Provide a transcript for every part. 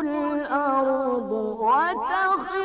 الأرض وتخر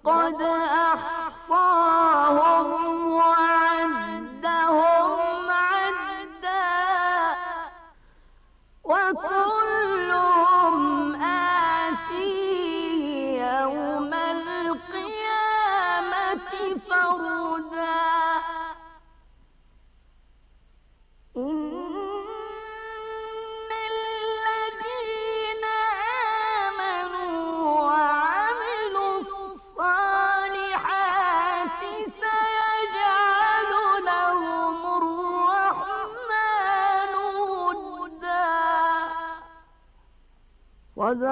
Pero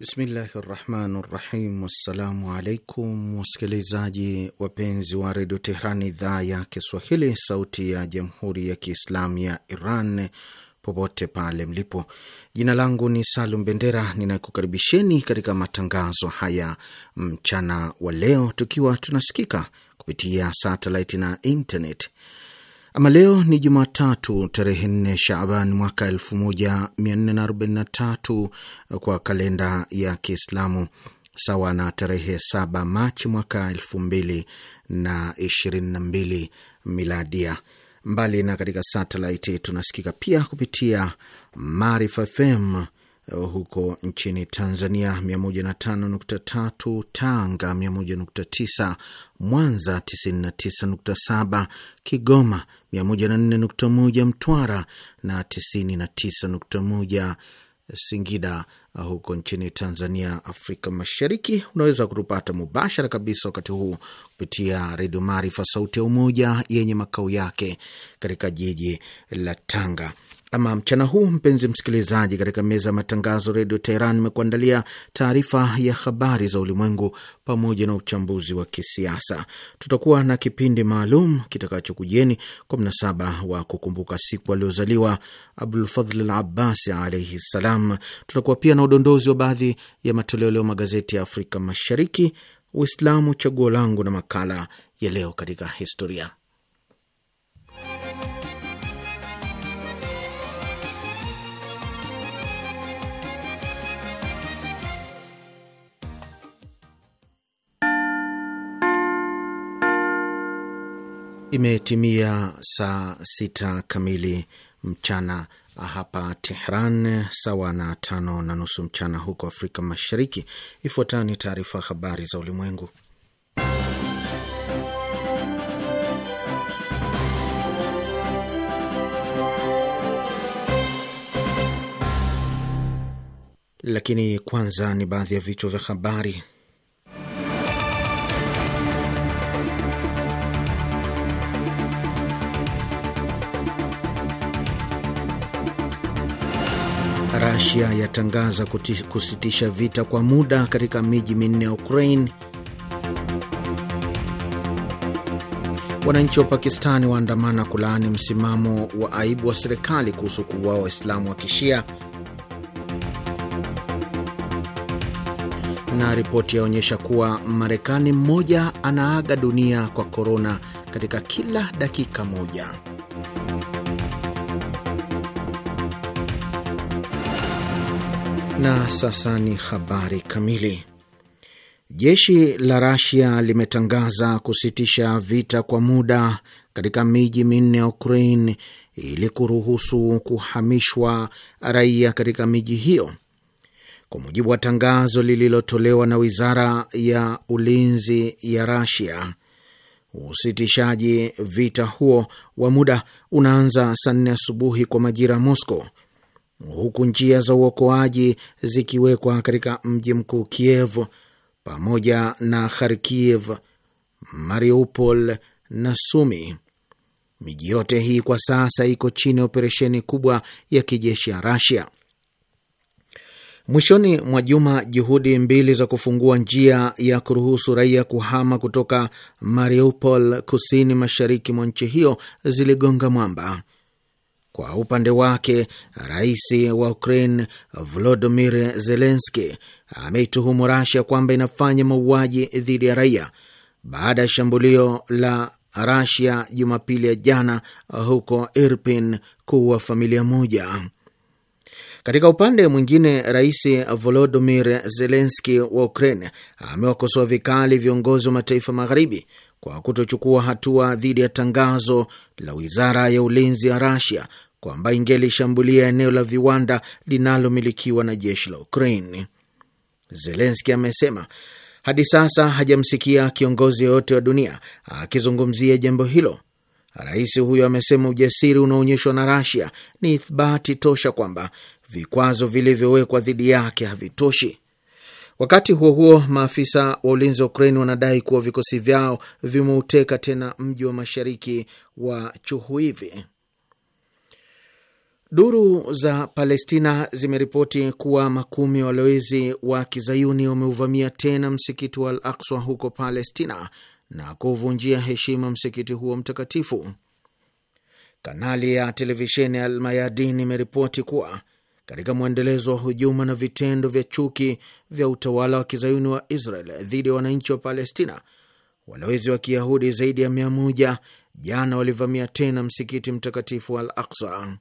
Bismillahi rahmani rahim. Wassalamu alaikum wasikilizaji wapenzi wa redio Tehran, idhaa ya Kiswahili, sauti ya jamhuri ya kiislamu ya Iran, popote pale mlipo. Jina langu ni Salum Bendera, ninakukaribisheni katika matangazo haya mchana wa leo, tukiwa tunasikika kupitia satelit na internet. Ama leo ni Jumatatu tarehe nne Shaaban mwaka elfu moja mia nne na tatu kwa kalenda ya Kiislamu, sawa na tarehe saba Machi mwaka elfu mbili na na ishirini mbili miladia. Mbali na katika satelaiti, tunasikika pia kupitia Maarifa FM huko nchini Tanzania, 105.3 Tanga, 101.9 Mwanza, 99.7 Kigoma 104.1 Mtwara na 99.1 Singida uh, huko nchini Tanzania, Afrika Mashariki. Unaweza kutupata mubashara kabisa wakati huu kupitia Redio Maarifa, sauti ya Umoja, yenye makao yake katika jiji la Tanga. Ama mchana huu, mpenzi msikilizaji, katika meza ya matangazo Redio Teheran imekuandalia taarifa ya habari za ulimwengu pamoja na uchambuzi wa kisiasa. Tutakuwa na kipindi maalum kujieni kwa mnasaba wa kukumbuka siku aliozaliwa Abdulfadhl al Abbas alaihi ssalam. Tutakuwa pia na udondozi wa baadhi ya matoleo leo magazeti ya Afrika Mashariki, Uislamu chaguo langu, na makala ya leo katika historia Imetimia saa sita kamili mchana hapa Tehran, sawa na tano na nusu mchana huko Afrika Mashariki. Ifuatayo ni taarifa habari za ulimwengu, lakini kwanza ni baadhi ya vichwa vya habari. Rasia yatangaza kusitisha vita kwa muda katika miji minne ya Ukraine. Wananchi wa Pakistani waandamana kulaani msimamo wa aibu wa serikali kuhusu kuuawa Waislamu wa Kishia. Na ripoti yaonyesha kuwa Marekani mmoja anaaga dunia kwa korona katika kila dakika moja. Na sasa ni habari kamili. Jeshi la Rasia limetangaza kusitisha vita kwa muda katika miji minne ya Ukraine ili kuruhusu kuhamishwa raia katika miji hiyo. Kwa mujibu wa tangazo lililotolewa na wizara ya ulinzi ya Rasia, usitishaji vita huo wa muda unaanza saa nne asubuhi kwa majira ya Moscow huku njia za uokoaji zikiwekwa katika mji mkuu Kiev pamoja na Kharkiv, Mariupol na Sumi. Miji yote hii kwa sasa iko chini ya operesheni kubwa ya kijeshi ya Rasia. Mwishoni mwa juma, juhudi mbili za kufungua njia ya kuruhusu raia kuhama kutoka Mariupol, kusini mashariki mwa nchi hiyo, ziligonga mwamba. Kwa upande wake, rais wa Ukraine Volodymyr Zelensky ameituhumu Rasia kwamba inafanya mauaji dhidi ya raia baada ya shambulio la Rasia Jumapili ya jana huko Irpin kuwa familia moja. Katika upande mwingine, rais Volodymyr Zelensky wa Ukraine amewakosoa vikali viongozi wa mataifa magharibi kwa kutochukua hatua dhidi ya tangazo la wizara ya ulinzi ya Rasia kwamba ingelishambulia eneo la viwanda linalomilikiwa na jeshi la Ukraine. Zelenski amesema hadi sasa hajamsikia kiongozi yoyote wa dunia akizungumzia jambo hilo. Rais huyo amesema ujasiri unaonyeshwa na Russia ni ithibati tosha kwamba vikwazo vilivyowekwa dhidi yake havitoshi. Wakati huo huo, maafisa wa ulinzi wa ukrain wanadai kuwa vikosi vyao vimeuteka tena mji wa mashariki wa Chuhuivi. Duru za Palestina zimeripoti kuwa makumi walowezi wa kizayuni wameuvamia tena msikiti wa Al Akswa huko Palestina na kuvunjia heshima msikiti huo mtakatifu. Kanali ya televisheni Al Almayadin imeripoti kuwa katika mwendelezo wa hujuma na vitendo vya chuki vya utawala wa kizayuni wa Israel dhidi ya wananchi wa Palestina, walowezi wa kiyahudi zaidi ya mia moja jana walivamia tena msikiti mtakatifu wa Al Aksa.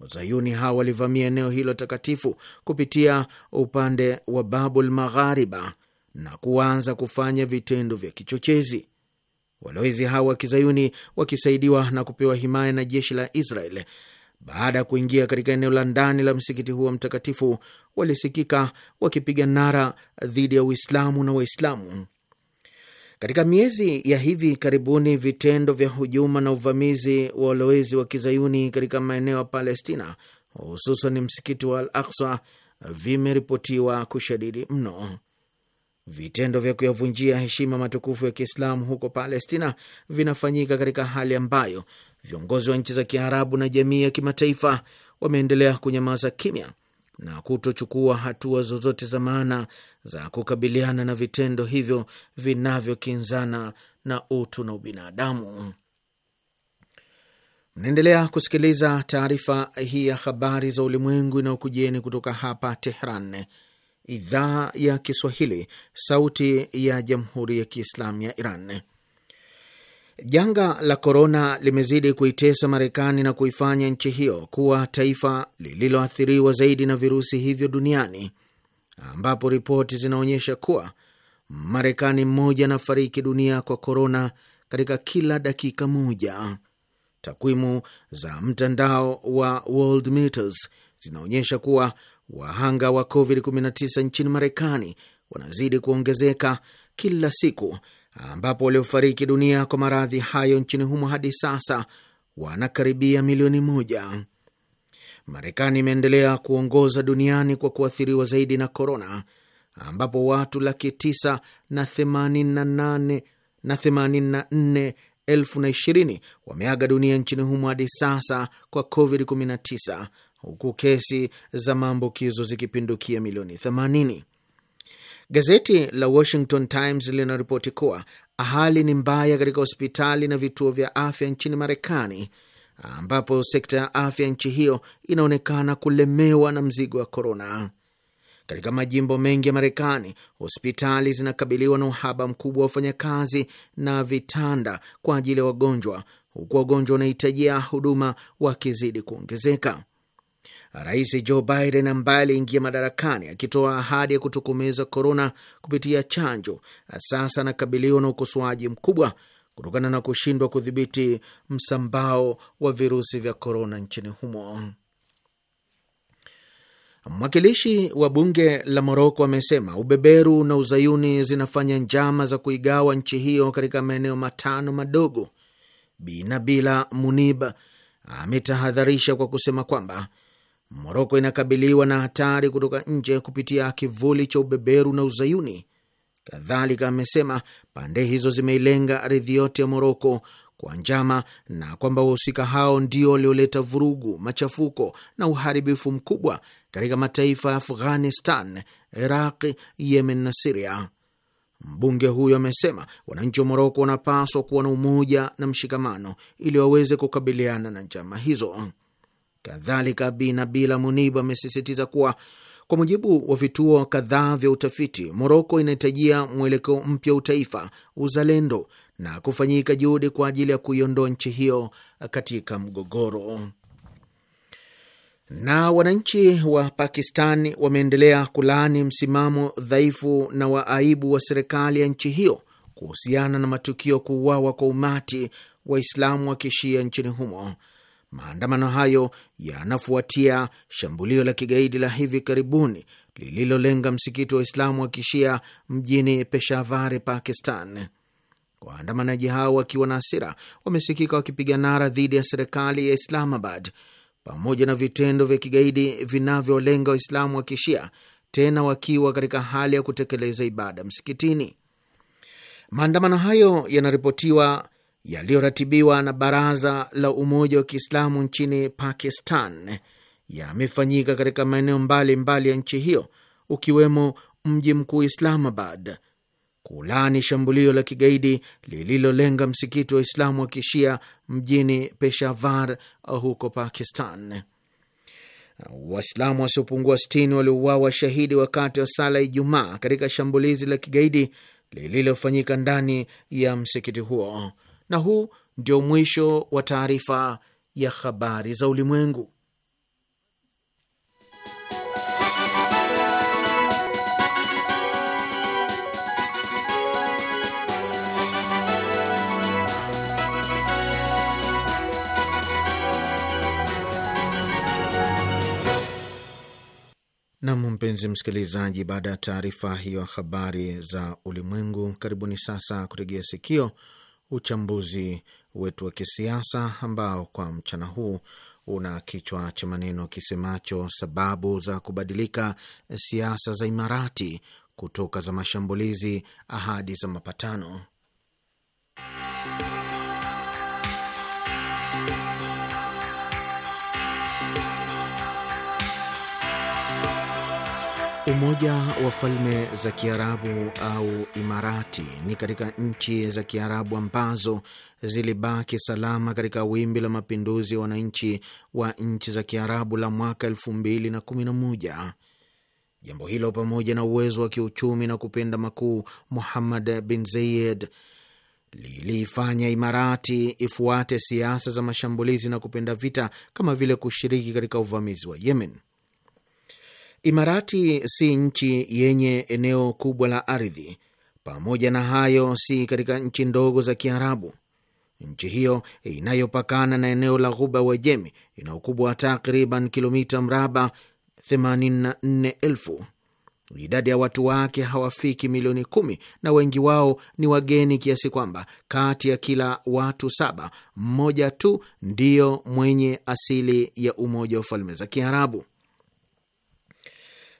Wazayuni hawa walivamia eneo hilo takatifu kupitia upande wa Babul Maghariba na kuanza kufanya vitendo vya kichochezi. Walowezi hawa wa kizayuni wakisaidiwa na kupewa himaya na jeshi la Israel, baada ya kuingia katika eneo la ndani la msikiti huo mtakatifu, walisikika wakipiga nara dhidi ya Uislamu na Waislamu. Katika miezi ya hivi karibuni, vitendo vya hujuma na uvamizi wa walowezi wa kizayuni katika maeneo ya Palestina, hususan msikiti wa Al Aksa, vimeripotiwa kushadidi mno. Vitendo vya kuyavunjia heshima matukufu ya Kiislamu huko Palestina vinafanyika katika hali ambayo viongozi wa nchi za Kiarabu na jamii ya kimataifa wameendelea kunyamaza kimya na kutochukua hatua zozote za maana za kukabiliana na vitendo hivyo vinavyokinzana na utu na ubinadamu. Mnaendelea kusikiliza taarifa hii ya habari za ulimwengu inayokujieni kutoka hapa Tehran, idhaa ya Kiswahili, sauti ya jamhuri ya kiislamu ya Iran. Janga la korona limezidi kuitesa Marekani na kuifanya nchi hiyo kuwa taifa lililoathiriwa zaidi na virusi hivyo duniani, ambapo ripoti zinaonyesha kuwa Marekani mmoja anafariki dunia kwa korona katika kila dakika moja. Takwimu za mtandao wa Worldmeters zinaonyesha kuwa wahanga wa COVID-19 nchini Marekani wanazidi kuongezeka kila siku ambapo waliofariki dunia kwa maradhi hayo nchini humo hadi sasa wanakaribia milioni moja. Marekani imeendelea kuongoza duniani kwa kuathiriwa zaidi na korona, ambapo watu laki tisa na themanini na nane na themanini na nne elfu na ishirini wameaga dunia nchini humo hadi sasa kwa COVID-19, huku kesi za maambukizo zikipindukia milioni 80. Gazeti la Washington Times linaripoti kuwa hali ni mbaya katika hospitali na vituo vya afya nchini Marekani, ambapo sekta ya afya nchi hiyo inaonekana kulemewa na mzigo wa korona. Katika majimbo mengi ya Marekani, hospitali zinakabiliwa na uhaba mkubwa wa wafanyakazi na vitanda kwa ajili ya wagonjwa, huku wagonjwa wanahitajia huduma wakizidi kuongezeka. Rais Joe Biden ambaye aliingia madarakani akitoa ahadi ya kutokomeza korona kupitia chanjo, sasa anakabiliwa na ukosoaji mkubwa kutokana na kushindwa kudhibiti msambao wa virusi vya korona nchini humo. Mwakilishi wa bunge la Moroko amesema ubeberu na uzayuni zinafanya njama za kuigawa nchi hiyo katika maeneo matano madogo. binabila Munib ametahadharisha kwa kusema kwamba Moroko inakabiliwa na hatari kutoka nje kupitia kivuli cha ubeberu na uzayuni. Kadhalika amesema pande hizo zimeilenga ardhi yote ya Moroko kwa njama na kwamba wahusika hao ndio walioleta vurugu, machafuko na uharibifu mkubwa katika mataifa ya Afghanistan, Iraqi, Yemen na Siria. Mbunge huyo amesema wananchi wa Moroko wanapaswa kuwa na umoja na mshikamano ili waweze kukabiliana na njama hizo. Kadhalika, Bi Nabila Munibu amesisitiza kuwa kwa mujibu wa vituo kadhaa vya utafiti, Moroko inahitajia mwelekeo mpya wa utaifa, uzalendo na kufanyika juhudi kwa ajili ya kuiondoa nchi hiyo katika mgogoro. Na wananchi wa Pakistan wameendelea kulaani msimamo dhaifu na wa aibu wa serikali ya nchi hiyo kuhusiana na matukio kuuawa kwa umati Waislamu wa kishia nchini humo. Maandamano hayo yanafuatia shambulio la kigaidi la hivi karibuni lililolenga msikiti wa Waislamu wa kishia mjini Peshavari, Pakistan. Waandamanaji hao wakiwa na hasira wamesikika wakipiga nara dhidi ya serikali ya Islamabad pamoja na vitendo vya kigaidi vinavyolenga Waislamu wa kishia, tena wakiwa katika hali ya kutekeleza ibada msikitini. Maandamano hayo yanaripotiwa yaliyoratibiwa na Baraza la Umoja wa Kiislamu nchini Pakistan yamefanyika katika maeneo mbalimbali ya nchi hiyo ukiwemo mji mkuu Islamabad kulaani shambulio la kigaidi lililolenga msikiti wa Islamu wa kishia mjini Peshawar uh, huko Pakistan. Waislamu wasiopungua sitini waliuawa shahidi wakati wa sala Ijumaa katika shambulizi la kigaidi lililofanyika ndani ya msikiti huo na huu ndio mwisho wa taarifa ya habari za ulimwengu. Nam, mpenzi msikilizaji, baada ya taarifa hiyo habari za ulimwengu, karibuni sasa kutegea sikio uchambuzi wetu wa kisiasa ambao kwa mchana huu una kichwa cha maneno kisemacho sababu za kubadilika siasa za Imarati kutoka za mashambulizi ahadi za mapatano. Umoja wa Falme za Kiarabu au Imarati ni katika nchi za Kiarabu ambazo zilibaki salama katika wimbi la mapinduzi ya wananchi wa nchi za Kiarabu la mwaka elfu mbili na kumi na moja. Jambo hilo pamoja na uwezo wa kiuchumi na kupenda makuu Muhammad bin Zayed liliifanya Imarati ifuate siasa za mashambulizi na kupenda vita kama vile kushiriki katika uvamizi wa Yemen. Imarati si nchi yenye eneo kubwa la ardhi. Pamoja na hayo, si katika nchi ndogo za Kiarabu. Nchi hiyo inayopakana na eneo la Ghuba Wajemi ina ukubwa wa takriban kilomita mraba 84,000. Idadi ya watu wake hawafiki milioni kumi, na wengi wao ni wageni kiasi kwamba kati ya kila watu saba mmoja tu ndiyo mwenye asili ya Umoja wa Falme za Kiarabu.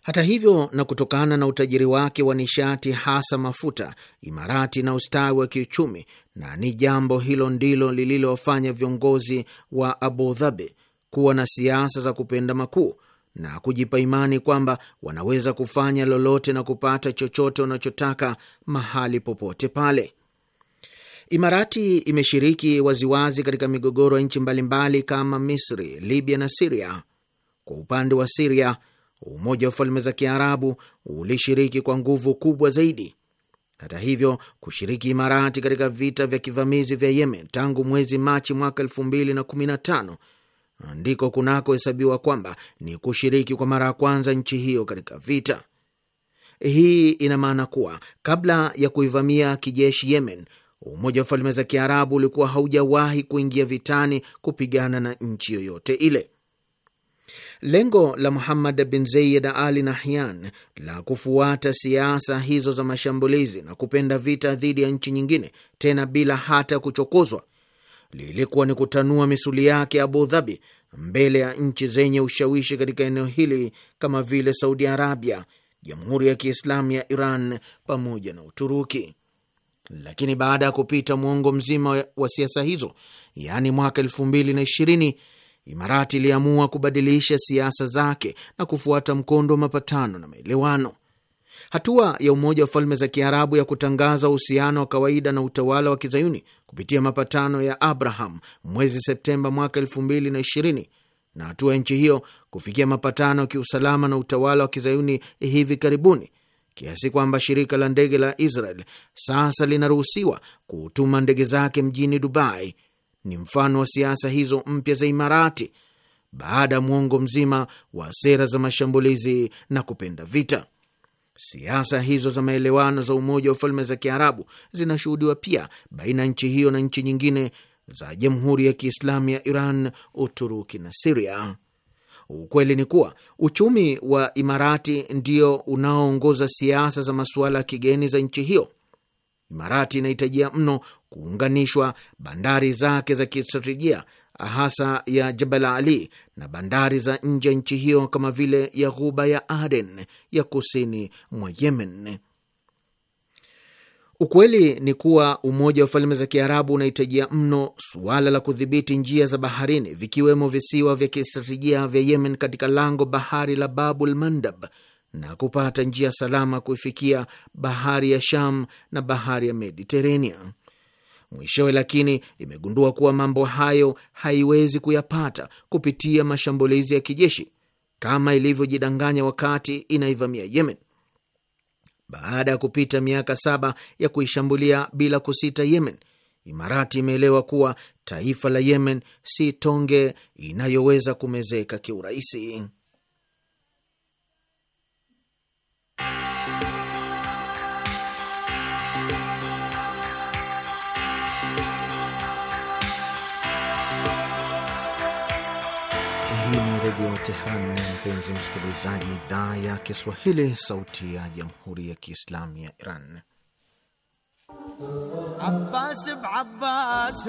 Hata hivyo, na kutokana na utajiri wake wa nishati hasa mafuta, Imarati na ustawi wa kiuchumi, na ni jambo hilo ndilo lililofanya viongozi wa Abu Dhabi kuwa na siasa za kupenda makuu na kujipa imani kwamba wanaweza kufanya lolote na kupata chochote wanachotaka mahali popote pale. Imarati imeshiriki waziwazi katika migogoro ya nchi mbalimbali kama Misri, Libya na Siria. Kwa upande wa Siria, Umoja wa Falme za Kiarabu ulishiriki kwa nguvu kubwa zaidi. Hata hivyo, kushiriki Imarati katika vita vya kivamizi vya Yemen tangu mwezi Machi mwaka elfu mbili na kumi na tano ndiko kunakohesabiwa kwamba ni kushiriki kwa mara ya kwanza nchi hiyo katika vita. Hii ina maana kuwa kabla ya kuivamia kijeshi Yemen, Umoja wa Falme za Kiarabu ulikuwa haujawahi kuingia vitani kupigana na nchi yoyote ile. Lengo la Muhammad bin Zayed Ali Nahyan la kufuata siasa hizo za mashambulizi na kupenda vita dhidi ya nchi nyingine, tena bila hata kuchokozwa, lilikuwa ni kutanua misuli yake Abu Dhabi mbele ya nchi zenye ushawishi katika eneo hili kama vile Saudi Arabia, Jamhuri ya Kiislamu ya Iran pamoja na Uturuki. Lakini baada ya kupita mwongo mzima wa siasa hizo, yaani mwaka elfu mbili na ishirini Imarati iliamua kubadilisha siasa zake na kufuata mkondo wa mapatano na maelewano. Hatua ya Umoja wa Falme za Kiarabu ya kutangaza uhusiano wa kawaida na utawala wa kizayuni kupitia mapatano ya Abraham mwezi Septemba mwaka elfu mbili na ishirini na hatua ya nchi hiyo kufikia mapatano ya kiusalama na utawala wa kizayuni hivi karibuni kiasi kwamba shirika la ndege la Israel sasa linaruhusiwa kutuma ndege zake mjini Dubai ni mfano wa siasa hizo mpya za Imarati baada ya mwongo mzima wa sera za mashambulizi na kupenda vita. Siasa hizo za maelewano za Umoja wa Falme za Kiarabu zinashuhudiwa pia baina ya nchi hiyo na nchi nyingine za Jamhuri ya Kiislamu ya Iran, Uturuki na Siria. Ukweli ni kuwa uchumi wa Imarati ndio unaoongoza siasa za masuala ya kigeni za nchi hiyo. Imarati inahitajia mno kuunganishwa bandari zake za kistratejia hasa ya Jabal Ali na bandari za nje ya nchi hiyo kama vile ya ghuba ya Aden ya kusini mwa Yemen. Ukweli ni kuwa Umoja wa Falme za Kiarabu unahitajia mno suala la kudhibiti njia za baharini, vikiwemo visiwa vya kistratejia vya Yemen katika lango bahari la Babul Mandab na kupata njia salama kuifikia bahari ya Sham na bahari ya Mediterania. Mwishowe lakini imegundua kuwa mambo hayo haiwezi kuyapata kupitia mashambulizi ya kijeshi kama ilivyojidanganya wakati inaivamia Yemen. Baada ya kupita miaka saba ya kuishambulia bila kusita Yemen, Imarati imeelewa kuwa taifa la Yemen si tonge inayoweza kumezeka kiurahisi. redio Tehran. Na mpenzi msikilizaji, idhaa ya Kiswahili, sauti ya jamhuri ya kiislamu ya Iran. عباس بعباس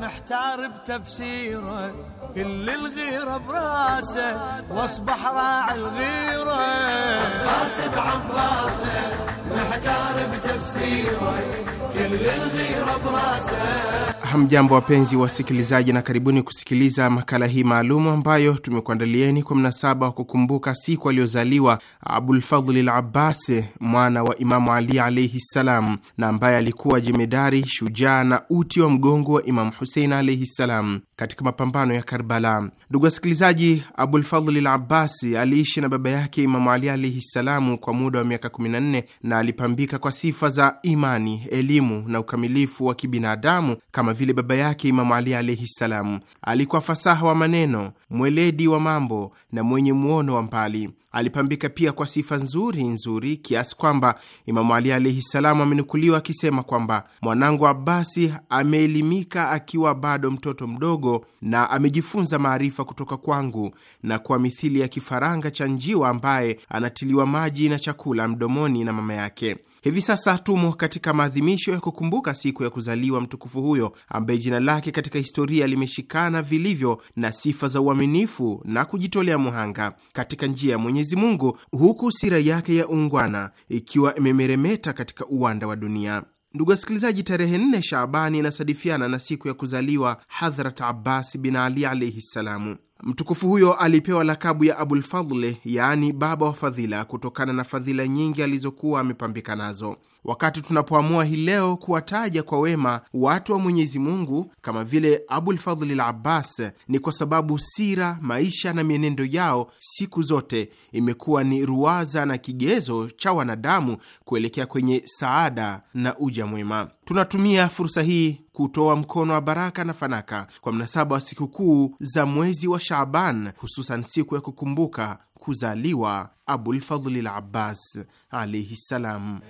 محتار بتفسيره كل الغيره براسه واصبح راعي الغيره عباس بعباس محتار بتفسيره كل الغيره براسه Hamjambo, wapenzi wasikilizaji, na karibuni kusikiliza makala hii maalumu ambayo tumekuandalieni kwa mnasaba wa kukumbuka siku aliyozaliwa Abulfadhli l Abbas, mwana wa Imamu Ali alaihi ssalam, na ambaye alikuwa jemedari shujaa na uti wa mgongo wa Imamu Husein alaihi ssalam katika mapambano ya Karbala. Ndugu wasikilizaji, Abulfadhli l Abbas aliishi na baba yake Imamu Ali alaihi ssalamu kwa muda wa miaka 14 na alipambika kwa sifa za imani, elimu na ukamilifu wa kibinadamu kama vile baba yake Imamu Ali alaihi ssalam, alikuwa fasaha wa maneno, mweledi wa mambo na mwenye muono wa mbali. Alipambika pia kwa sifa nzuri nzuri kiasi kwamba Imamu Ali alaihi ssalam amenukuliwa akisema kwamba mwanangu Abasi ameelimika akiwa bado mtoto mdogo na amejifunza maarifa kutoka kwangu, na kuwa mithili ya kifaranga cha njiwa ambaye anatiliwa maji na chakula mdomoni na mama yake Hivi sasa tumo katika maadhimisho ya kukumbuka siku ya kuzaliwa mtukufu huyo ambaye jina lake katika historia limeshikana vilivyo na sifa za uaminifu na kujitolea muhanga katika njia ya Mwenyezi Mungu, huku sira yake ya ungwana ikiwa imemeremeta katika uwanda wa dunia. Ndugu wasikilizaji, tarehe nne Shaabani inasadifiana na siku ya kuzaliwa Hadhrat Abbas bin Ali alaihi ssalamu. Mtukufu huyo alipewa lakabu ya abulfadhle yaani baba wa fadhila, kutokana na fadhila nyingi alizokuwa amepambika nazo. Wakati tunapoamua hii leo kuwataja kwa wema watu wa Mwenyezi Mungu kama vile Abulfadhli l Abbas, ni kwa sababu sira, maisha na mienendo yao siku zote imekuwa ni ruwaza na kigezo cha wanadamu kuelekea kwenye saada na uja mwema. Tunatumia fursa hii kutoa mkono wa baraka na fanaka kwa mnasaba wa sikukuu za mwezi wa Shaaban, hususan siku ya kukumbuka kuzaliwa Abulfadli al-Abbas alayhi salam.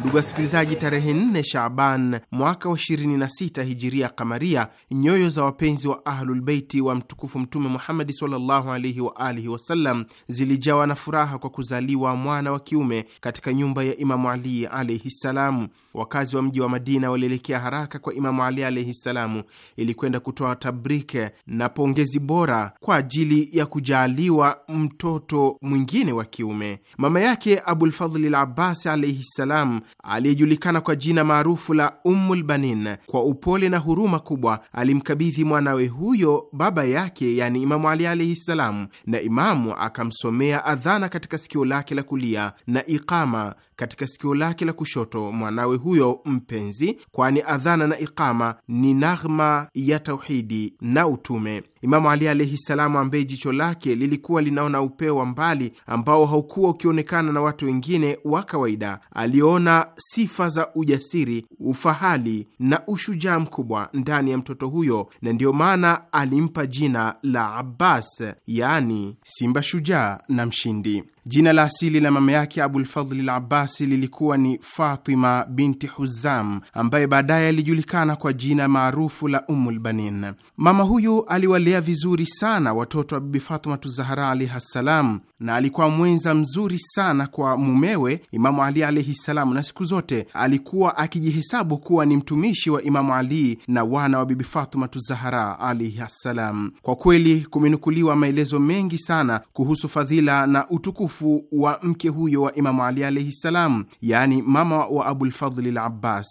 Ndugu wasikilizaji, tarehe 4 Shaaban mwaka wa 26 hijiria kamaria, nyoyo za wapenzi wa Ahlulbeiti wa mtukufu Mtume Muhammadi sallallahu alaihi wa alihi wasallam zilijawa na furaha kwa kuzaliwa mwana wa kiume katika nyumba ya Imamu Ali alaihi ssalam. Wakazi wa mji wa Madina walielekea haraka kwa Imamu Ali alaihi ssalamu ili kwenda kutoa tabrike na pongezi bora kwa ajili ya kujaaliwa mtoto mwingine wa kiume. Mama yake Abulfadhli l Abbasi alaihi ssalam, aliyejulikana kwa jina maarufu la Ummulbanin, kwa upole na huruma kubwa alimkabidhi mwanawe huyo baba yake, yani Imamu Ali alaihi ssalamu, na Imamu akamsomea adhana katika sikio lake la kulia na iqama katika sikio lake la kushoto mwanawe huyo mpenzi, kwani adhana na iqama ni naghma ya tauhidi na utume. Imamu Ali alaihi salamu, ambaye jicho lake lilikuwa linaona upeo wa mbali ambao haukuwa ukionekana na watu wengine wa kawaida, aliona sifa za ujasiri, ufahali na ushujaa mkubwa ndani ya mtoto huyo, na ndiyo maana alimpa jina la Abbas, yani simba shujaa na mshindi. Jina la asili la mama yake Abulfadli l Abbasi lilikuwa ni Fatima binti Huzam, ambaye baadaye alijulikana kwa jina maarufu la Ummulbanin. Mama huyu aliwale aliwalea vizuri sana watoto wa Bibi Fatimatu Zahara alaihi ssalam, na alikuwa mwenza mzuri sana kwa mumewe Imamu Ali alaihi ssalam, na siku zote alikuwa akijihesabu kuwa ni mtumishi wa Imamu Ali na wana wa Bibi Fatimatu zahara alaihi ssalam. Kwa kweli kumenukuliwa maelezo mengi sana kuhusu fadhila na utukufu wa mke huyo wa Imamu Ali alaihi ssalam, yani mama wa Abulfadli labbas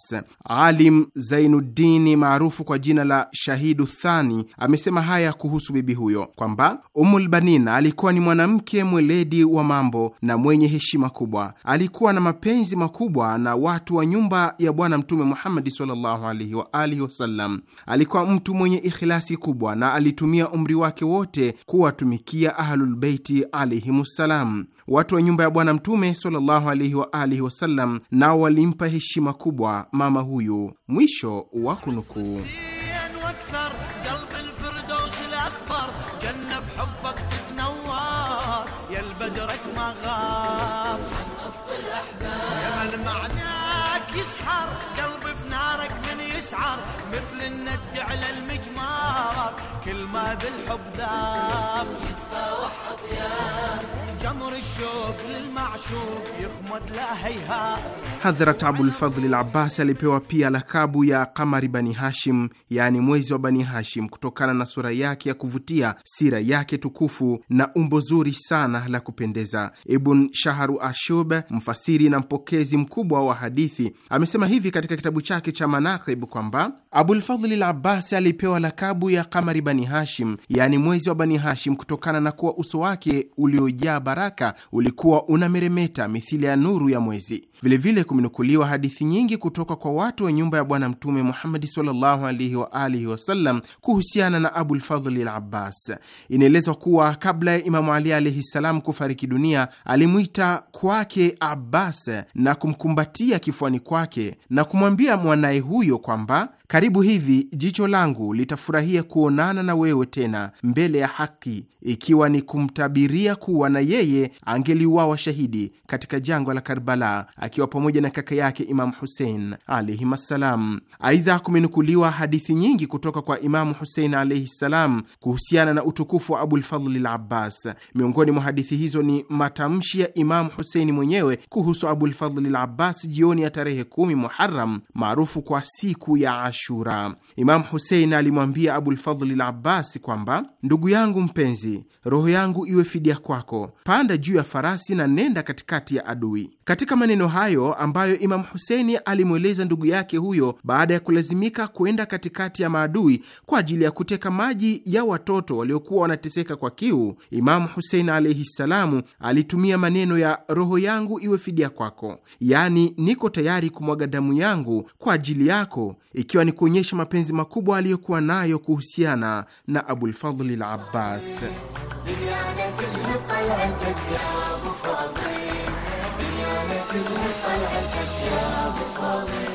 Alim Zainuddini maarufu kwa jina la Shahidu Thani amesema haya haya kuhusu bibi huyo kwamba Umulbanina alikuwa ni mwanamke mweledi wa mambo na mwenye heshima kubwa. Alikuwa na mapenzi makubwa na watu wa nyumba ya Bwana Mtume Muhammadi sallallahu alaihi wa alihi wasallam. Alikuwa mtu mwenye ikhilasi kubwa na alitumia umri wake wote kuwatumikia Ahlulbeiti alaihimussalam. Watu wa nyumba ya Bwana Mtume sallallahu alaihi wa alihi wasallam nao walimpa heshima kubwa mama huyu. Mwisho wa kunukuu. مثل الند على المجمار كل ما بالحب ذاب يتفاوح يا جمر الشوق للمعشوق يخمد لا هيها Hadhrat Abul Fadhli alipewa pia lakabu ya Kamari Bani Hashim, yaani mwezi wa Bani Hashim, kutokana na sura yake ya kuvutia, sira yake tukufu na umbo zuri sana la kupendeza. Ibn Shahru Ashub, mfasiri na mpokezi mkubwa wa hadithi, amesema hivi katika kitabu chake cha Manaqib kwamba Abulfadhli l Abbasi alipewa lakabu ya Kamari Bani Hashim, yaani mwezi wa Bani Hashim, kutokana na kuwa uso wake uliojaa baraka ulikuwa unameremeta mithili ya nuru ya mwezi. Vilevile kumenukuliwa hadithi nyingi kutoka kwa watu wa nyumba ya Bwana Mtume Muhammadi sallallahu alaihi wa alihi wasallam kuhusiana na Abulfadhli l Abbas. Inaelezwa kuwa kabla ya Imamu Ali alaihi ssalam kufariki dunia, alimwita kwake Abbas na kumkumbatia kifuani kwake na kumwambia mwanaye huyo kwamba karibu hivi jicho langu litafurahia kuonana na wewe tena mbele ya haki, ikiwa ni kumtabiria kuwa na yeye angeliuawa shahidi katika jangwa la Karbala akiwa pamoja na kaka yake Imamu Husein alaihim assalam. Aidha, kumenukuliwa hadithi nyingi kutoka kwa Imamu Husein alaihi ssalam kuhusiana na utukufu wa Abulfadli Labbas. Miongoni mwa hadithi hizo ni matamshi ya Imamu Huseini mwenyewe kuhusu Abulfadli Labbas jioni ya tarehe kumi Muharam maarufu kwa siku ya Ashura. Imamu Husein alimwambia Abulfadhli labasi Abbasi kwamba ndugu yangu mpenzi roho yangu iwe fidia kwako, panda juu ya farasi na nenda katikati ya adui. Katika maneno hayo ambayo Imamu Huseini alimweleza ndugu yake huyo baada ya kulazimika kwenda katikati ya maadui kwa ajili ya kuteka maji ya watoto waliokuwa wanateseka kwa kiu, Imamu Husein alaihi ssalamu alitumia maneno ya roho yangu iwe fidia kwako, yaani niko tayari kumwaga damu yangu kwa ajili yako, ikiwa ni kuonyesha mapenzi makubwa aliyokuwa nayo kuhusiana na Abulfadlil Abbas. تزهق طلعتك يا ابو فاضل اليوم تزهق طلعتك يا ابو فاضل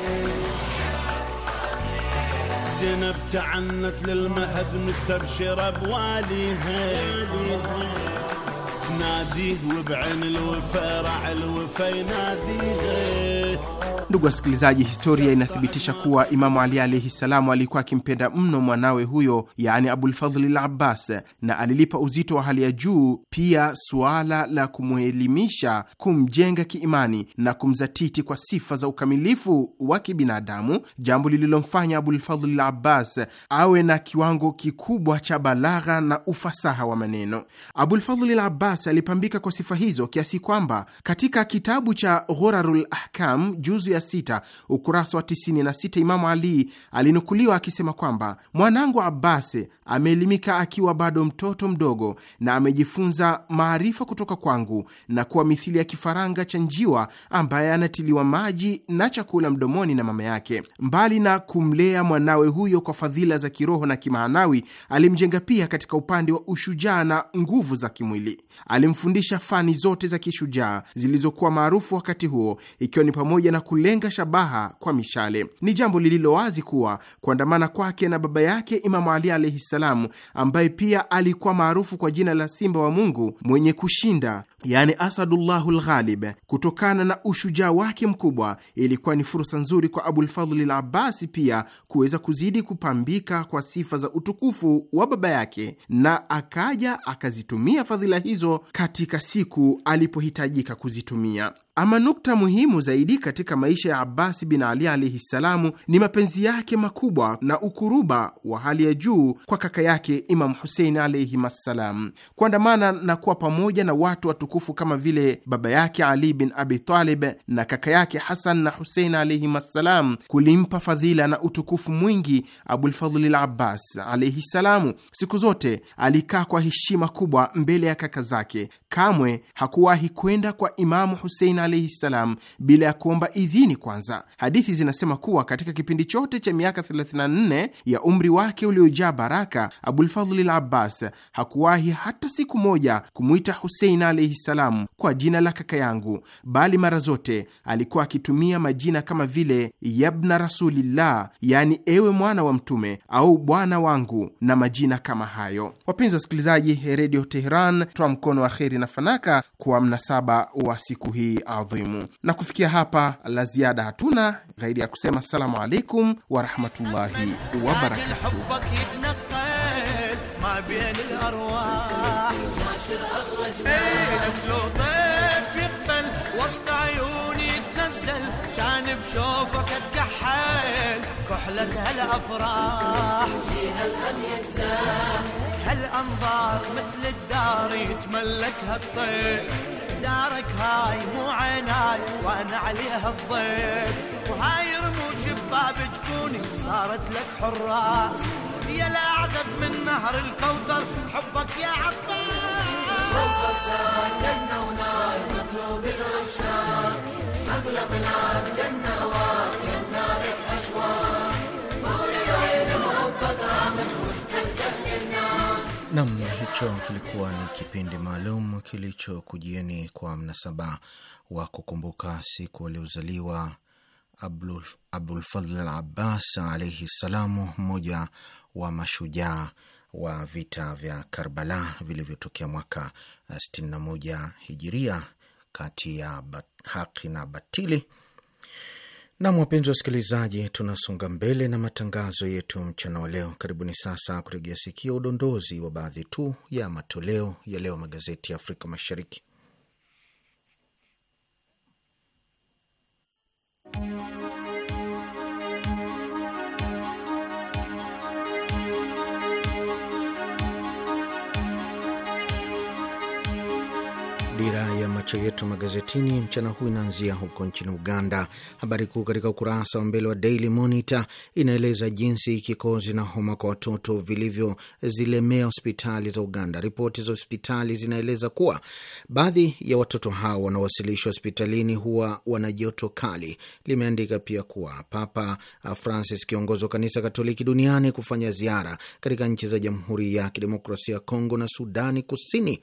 زينب تعنت للمهد مستبشرة بواليها تناديه وبعين الوفا رع الوفا يناديها Ndugu wasikilizaji, historia inathibitisha kuwa Imamu Ali alaihi salamu alikuwa akimpenda mno mwanawe huyo, yaani Abulfadhli l Abbas, na alilipa uzito wa hali ya juu pia suala la kumwelimisha, kumjenga kiimani na kumzatiti kwa sifa za ukamilifu wa kibinadamu, jambo lililomfanya Abulfadhli l Abbas awe na kiwango kikubwa cha balagha na ufasaha wa maneno. Abulfadhli l Abbas alipambika kwa sifa hizo kiasi kwamba katika kitabu cha Ghurarul Ahkam juzu ukurasa wa 96, Imamu Ali alinukuliwa akisema kwamba mwanangu Abbas ameelimika akiwa bado mtoto mdogo na amejifunza maarifa kutoka kwangu na kuwa mithili ya kifaranga cha njiwa ambaye anatiliwa maji na chakula mdomoni na mama yake. Mbali na kumlea mwanawe huyo kwa fadhila za kiroho na kimaanawi, alimjenga pia katika upande wa ushujaa na nguvu za kimwili. Alimfundisha fani zote za kishujaa zilizokuwa maarufu wakati huo, ikiwa ni pamoja na kulenga shabaha kwa mishale. Ni jambo lililo wazi kuwa kuandamana kwake na baba yake Imamu Ali alaihi salamu, ambaye pia alikuwa maarufu kwa jina la Simba wa Mungu mwenye kushinda, yani Asadullahu Lghalib, kutokana na ushujaa wake mkubwa, ilikuwa ni fursa nzuri kwa Abulfadhli Labasi pia kuweza kuzidi kupambika kwa sifa za utukufu wa baba yake, na akaja akazitumia fadhila hizo katika siku alipohitajika kuzitumia. Ama nukta muhimu zaidi katika maisha ya Abbasi bin Ali alaihi ssalamu ni mapenzi yake makubwa na ukuruba wa hali ya juu kwa kaka yake Imam Husein alaihim assalam, kuandamana na kuwa pamoja na watu watukufu mtukufu kama vile baba yake Ali bin Abi Talib na kaka yake Hasan na Husein alaihim assalam kulimpa fadhila na utukufu mwingi Abulfadhli l Abbas alaihi salamu. Siku zote alikaa kwa heshima kubwa mbele ya kaka zake. Kamwe hakuwahi kwenda kwa Imamu Husein alaihi salam bila ya kuomba idhini kwanza. Hadithi zinasema kuwa katika kipindi chote cha miaka 34 ya umri wake uliojaa baraka, Abulfadhli l Abbas hakuwahi hata siku moja kumwita Husein alaihi salam kwa jina la kaka yangu, bali mara zote alikuwa akitumia majina kama vile yabna rasulillah, yani ewe mwana wa Mtume au bwana wangu na majina kama hayo. Wapenzi wasikilizaji, Redio Teheran toa mkono wa kheri na fanaka kwa mnasaba wa siku hii adhimu, na kufikia hapa la ziada hatuna ghairi ya kusema assalamu alaikum warahmatullahi wabarakatuh. ما بين الأرواح ناشر أغلى جمال إيه، لو طيف يقبل وسط عيوني تنزل كان بشوفك اتكحل كحلة هالأفراح فيها الهم يتزاح هالأنظار مثل الدار يتملكها الطيف دارك هاي مو عيناي وانا عليها الضيف وهاي رموش بباب جفوني صارت لك حراس يا الأعذب من نهر الكوثر حبك يا عباس حبك سوى جنة ونار مقلوب العشاق مقلب العار جنة هواك النار الأشواق نور العين محبك غامض وسط الجهل النار namna نعم، hicho kilikuwa ni kipindi maalum kilichokujieni kwa mnasaba wa kukumbuka siku aliozaliwa Abdulfadhl al Abbas alaihi ssalamu, mmoja wa mashujaa wa vita vya Karbala vilivyotokea mwaka 61 eh, hijiria kati ya haki na batili. Nam, wapenzi wasikilizaji, tunasonga mbele na matangazo yetu mchana wa leo. Karibuni sasa kutegea sikio udondozi wa baadhi tu ya matoleo ya leo magazeti ya Afrika Mashariki. dirai ya macho yetu magazetini mchana huu inaanzia huko nchini Uganda. Habari kuu katika ukurasa wa mbele wa Daily Monitor inaeleza jinsi kikozi na homa kwa watoto vilivyozilemea hospitali za Uganda. Ripoti za hospitali zinaeleza kuwa baadhi ya watoto hao wanaowasilishwa hospitalini huwa wana joto kali. Limeandika pia kuwa Papa Francis, kiongozi wa kanisa Katoliki duniani, kufanya ziara katika nchi za Jamhuri ya Kidemokrasia ya Kongo na Sudani Kusini.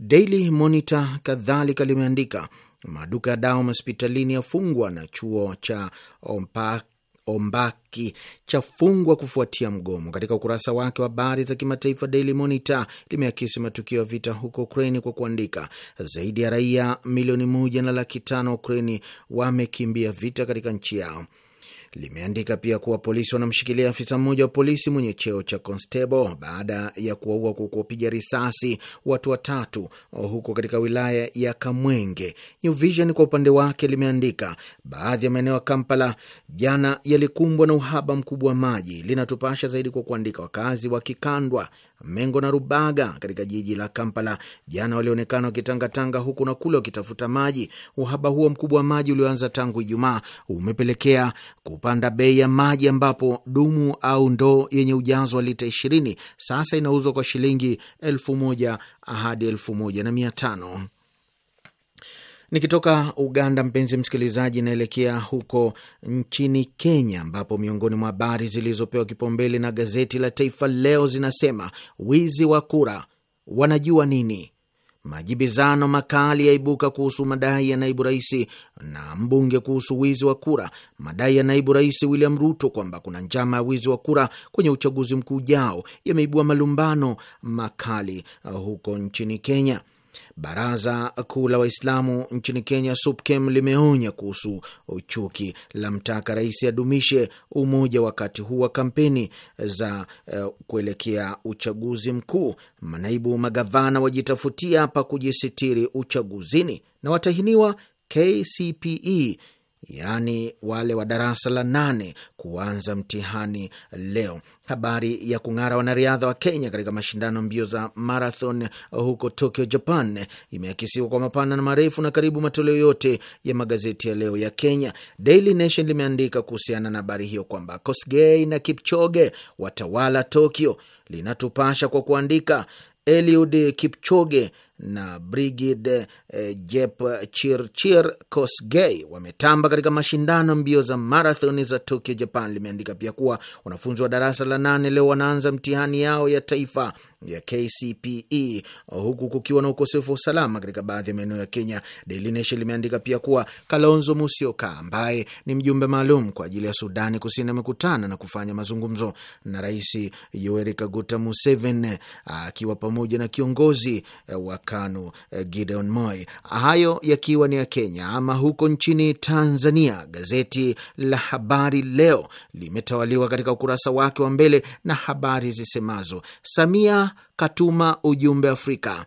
Daily Monitor kadhaa kadhalika limeandika maduka ya dawa mahospitalini yafungwa na chuo cha ompa, Ombaki chafungwa kufuatia mgomo. Katika ukurasa wake wa habari za kimataifa, Daily Monitor limeakisi matukio ya vita huko Ukraini kwa kuandika zaidi ya raia milioni moja na laki tano wa Ukraini wamekimbia vita katika nchi yao limeandika pia kuwa polisi wanamshikilia afisa mmoja wa polisi mwenye cheo cha constable baada ya kuwaua kwa kuwapiga risasi watu watatu huko katika wilaya ya Kamwenge. New Vision kwa upande wake limeandika baadhi ya maeneo ya Kampala jana yalikumbwa na uhaba mkubwa wa maji. Linatupasha zaidi kwa kuandika wakazi wa Kikandwa, Mengo na Rubaga katika jiji la Kampala jana walionekana wakitangatanga huku na kule wakitafuta maji. Uhaba huo mkubwa wa maji ulioanza tangu Ijumaa umepelekea kupanda bei ya maji ambapo dumu au ndoo yenye ujazo wa lita 20 sasa inauzwa kwa shilingi elfu moja hadi elfu moja na mia tano. Nikitoka Uganda, mpenzi msikilizaji, inaelekea huko nchini Kenya, ambapo miongoni mwa habari zilizopewa kipaumbele na gazeti la Taifa Leo zinasema wizi wa kura wanajua nini Majibizano makali yaibuka kuhusu madai ya naibu rais na mbunge kuhusu wizi wa kura, madai ya naibu rais William Ruto kwamba kuna njama ya wizi wa kura kwenye uchaguzi mkuu ujao yameibua malumbano makali uh, huko nchini Kenya. Baraza Kuu la Waislamu nchini Kenya, SUPKEM, limeonya kuhusu uchuki, mtaka rais adumishe umoja wakati huu wa kampeni za uh, kuelekea uchaguzi mkuu. Manaibu magavana wajitafutia pa kujisitiri uchaguzini, na watahiniwa KCPE yaani wale wa darasa la nane kuanza mtihani leo. Habari ya kung'ara wanariadha wa Kenya katika mashindano mbio za marathon huko Tokyo, Japan, imeakisiwa kwa mapana na marefu na karibu matoleo yote ya magazeti ya leo ya Kenya. Daily Nation limeandika kuhusiana na habari hiyo kwamba Kosgei na Kipchoge watawala Tokyo. Linatupasha kwa kuandika Eliud Kipchoge na Brigid eh, chirchir Kosgei wametamba katika mashindano mbio za marathoni za Tokyo, Japan. Limeandika pia kuwa wanafunzi wa darasa la nane leo wanaanza mtihani yao ya taifa ya KCPE huku kukiwa na ukosefu wa usalama katika baadhi ya maeneo ya Kenya. Daily Nation limeandika pia kuwa Kalonzo Musyoka ambaye ni mjumbe maalum kwa ajili ya Sudani Kusini amekutana na kufanya mazungumzo na Rais Yoweri Kaguta Museveni akiwa pamoja na kiongozi wa KANU Gideon Moi. Hayo yakiwa ni ya Kenya. Ama huko nchini Tanzania, gazeti la Habari Leo limetawaliwa katika ukurasa wake wa mbele na habari zisemazo Samia katuma ujumbe Afrika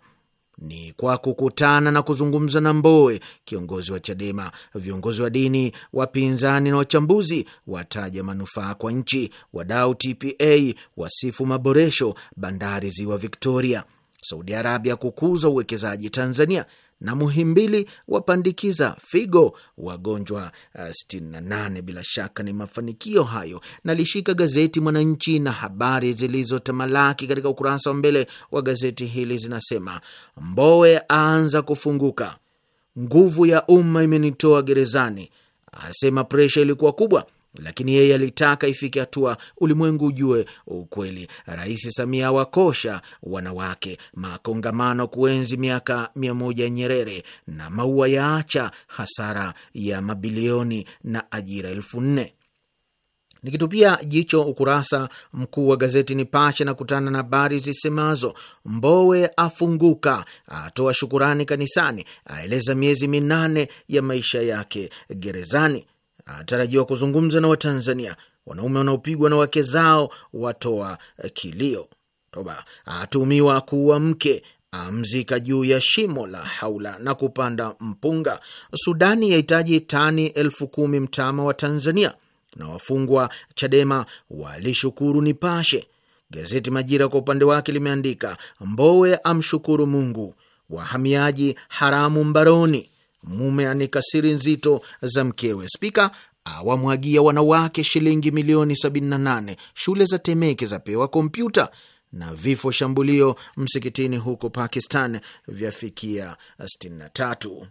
ni kwa kukutana na kuzungumza na Mbowe, kiongozi wa Chadema. Viongozi wa dini, wapinzani na wachambuzi wataja manufaa kwa nchi. Wadau TPA wasifu maboresho bandari ziwa Victoria. Saudi Arabia kukuza uwekezaji Tanzania na Muhimbili wapandikiza figo wagonjwa 68. Uh, Bila shaka ni mafanikio hayo. Nalishika gazeti Mwananchi na habari zilizotamalaki katika ukurasa wa mbele wa gazeti hili zinasema: Mbowe aanza kufunguka, nguvu ya umma imenitoa gerezani, asema presha ilikuwa kubwa, lakini yeye alitaka ifike hatua ulimwengu ujue ukweli. Rais Samia wakosha wanawake, makongamano kuenzi miaka mia moja ya Nyerere na maua yaacha hasara ya mabilioni na ajira elfu nne. Nikitupia jicho ukurasa mkuu wa gazeti Nipashe na kutana na habari zisemazo: Mbowe afunguka, atoa shukurani kanisani, aeleza miezi minane ya maisha yake gerezani atarajiwa kuzungumza na Watanzania, wanaume wanaopigwa na wake zao watoa kilio. Toba atumiwa kuua mke, amzika juu ya shimo la haula na kupanda mpunga. Sudani yahitaji tani elfu kumi mtama wa Tanzania, na wafungwa Chadema walishukuru Nipashe. Gazeti Majira kwa upande wake limeandika Mbowe amshukuru Mungu, wahamiaji haramu mbaroni mume anika siri nzito za mkewe, spika awamwagia wanawake shilingi milioni 78, shule za Temeke zapewa kompyuta, na vifo shambulio msikitini huko Pakistan vyafikia 63.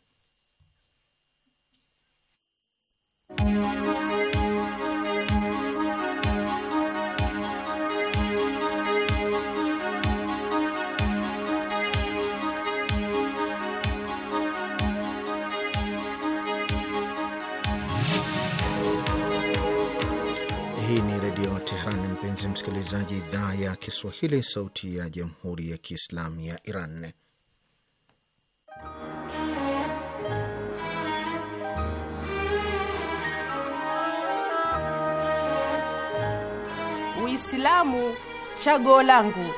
mpenzi msikilizaji, idhaa ya Kiswahili, sauti ya jamhuri ya kiislamu ya Iran. Uislamu chaguo langu.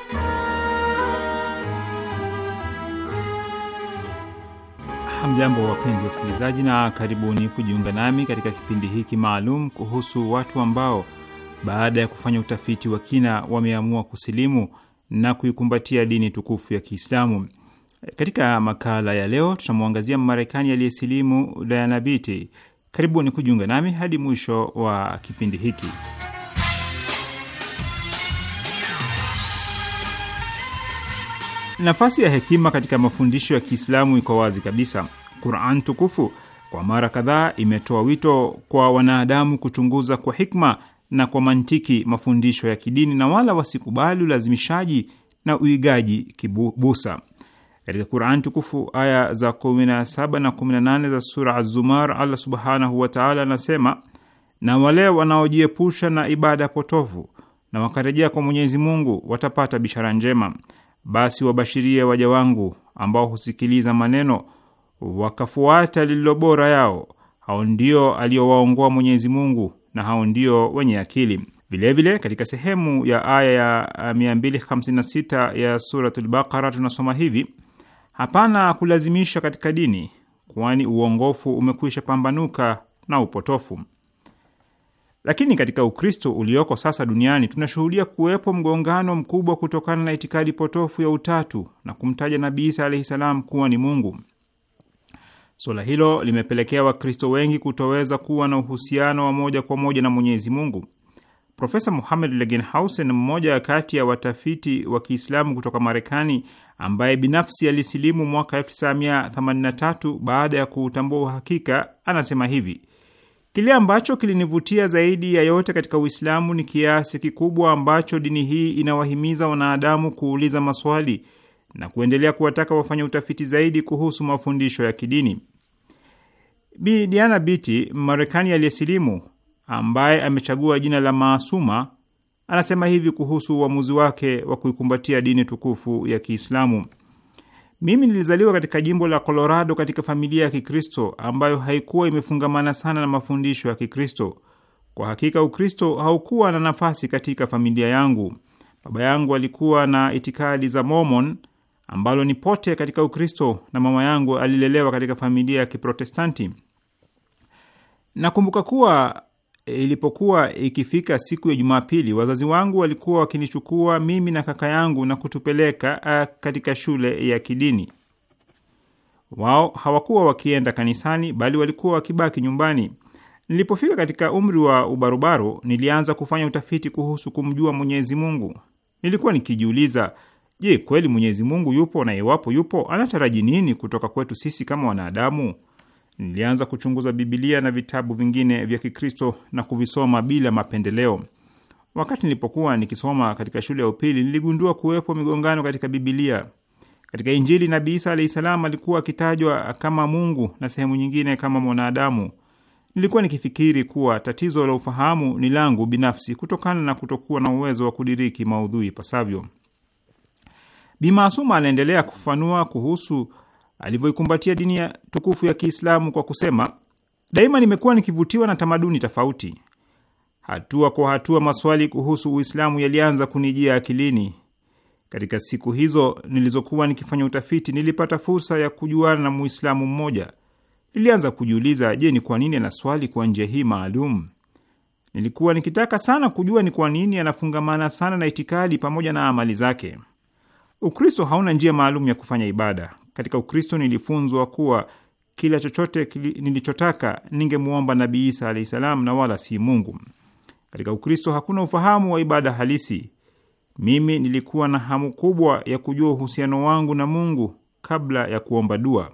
Hamjambo, wapenzi wasikilizaji, na karibuni kujiunga nami katika kipindi hiki maalum kuhusu watu ambao baada ya kufanya utafiti wa kina, wameamua kusilimu na kuikumbatia dini tukufu ya Kiislamu. Katika makala ya leo tutamwangazia Mmarekani aliyesilimu Diana Biti. Karibuni kujiunga nami hadi mwisho wa kipindi hiki. Nafasi ya hekima katika mafundisho ya Kiislamu iko wazi kabisa. Quran tukufu kwa mara kadhaa imetoa wito kwa wanadamu kuchunguza kwa hikma na kwa mantiki mafundisho ya kidini na wala wasikubali ulazimishaji na uigaji kibusa. Katika Quran tukufu aya za 17 na 18 za sura Az-Zumar, Allah subhanahu wataala anasema, na wale wanaojiepusha na ibada potovu na wakarejea kwa Mwenyezi Mungu watapata bishara njema, basi wabashirie waja wangu ambao husikiliza maneno wakafuata lililo bora yao. Hao ndio aliowaongoa Mwenyezi Mungu na hao ndio wenye akili. Vilevile vile, katika sehemu ya aya ya 256 uh, ya Suratul Baqara tunasoma hivi: hapana kulazimisha katika dini, kwani uongofu umekwisha pambanuka na upotofu. Lakini katika Ukristo ulioko sasa duniani tunashuhudia kuwepo mgongano mkubwa kutokana na itikadi potofu ya utatu na kumtaja Nabii Isa alaihi salam kuwa ni Mungu. Suala hilo limepelekea Wakristo wengi kutoweza kuwa na uhusiano wa moja kwa moja na Mwenyezi Mungu. Profesa Muhamed Legenhausen, mmoja kati ya watafiti wa Kiislamu kutoka Marekani, ambaye binafsi alisilimu mwaka 1983 baada ya kuutambua uhakika, anasema hivi: Kile ambacho kilinivutia zaidi ya yote katika Uislamu ni kiasi kikubwa ambacho dini hii inawahimiza wanadamu kuuliza maswali na kuendelea kuwataka wafanya utafiti zaidi kuhusu mafundisho ya kidini. Bi Diana Biti, Mmarekani aliyesilimu ambaye amechagua jina la Maasuma, anasema hivi kuhusu uamuzi wake wa kuikumbatia dini tukufu ya Kiislamu: mimi nilizaliwa katika jimbo la Colorado katika familia ya Kikristo ambayo haikuwa imefungamana sana na mafundisho ya Kikristo. Kwa hakika Ukristo haukuwa na nafasi katika familia yangu. Baba yangu alikuwa na itikadi za Mormon ambalo ni pote katika Ukristo, na mama yangu alilelewa katika familia ya Kiprotestanti. Nakumbuka kuwa e, ilipokuwa ikifika siku ya Jumapili, wazazi wangu walikuwa wakinichukua mimi na kaka yangu na kutupeleka katika shule ya kidini. Wao hawakuwa wakienda kanisani, bali walikuwa wakibaki nyumbani. Nilipofika katika umri wa ubarobaro, nilianza kufanya utafiti kuhusu kumjua Mwenyezi Mungu. Nilikuwa nikijiuliza Je, kweli Mwenyezi Mungu yupo na iwapo yupo, anataraji nini kutoka kwetu sisi kama wanadamu? Nilianza kuchunguza Bibilia na vitabu vingine vya Kikristo na kuvisoma bila mapendeleo. Wakati nilipokuwa nikisoma katika shule ya upili, niligundua kuwepo migongano katika Bibilia. Katika Injili Nabii Isa alahi salam alikuwa akitajwa kama Mungu na sehemu nyingine kama mwanadamu. Nilikuwa nikifikiri kuwa tatizo la ufahamu ni langu binafsi kutokana na kutokuwa na uwezo wa kudiriki maudhui pasavyo. Bi anaendelea kufanua kuhusu alivyoikumbatia dini ya tukufu ya Kiislamu kwa kusema, daima nimekuwa nikivutiwa na tamaduni tofauti. Hatua kwa hatua, maswali kuhusu Uislamu yalianza kunijia akilini. Katika siku hizo nilizokuwa nikifanya utafiti, nilipata fursa ya kujuana na Muislamu mmoja. Nilianza kujiuliza, je, ni kwa nini anaswali kwa njia hii maalum? Nilikuwa nikitaka sana kujua ni kwa nini anafungamana sana na itikadi pamoja na amali zake. Ukristo hauna njia maalum ya kufanya ibada. Katika Ukristo nilifunzwa kuwa kila chochote nilichotaka ningemwomba Nabii Isa alahi salam na wala si Mungu. Katika Ukristo hakuna ufahamu wa ibada halisi. Mimi nilikuwa na hamu kubwa ya kujua uhusiano wangu na Mungu kabla ya kuomba dua.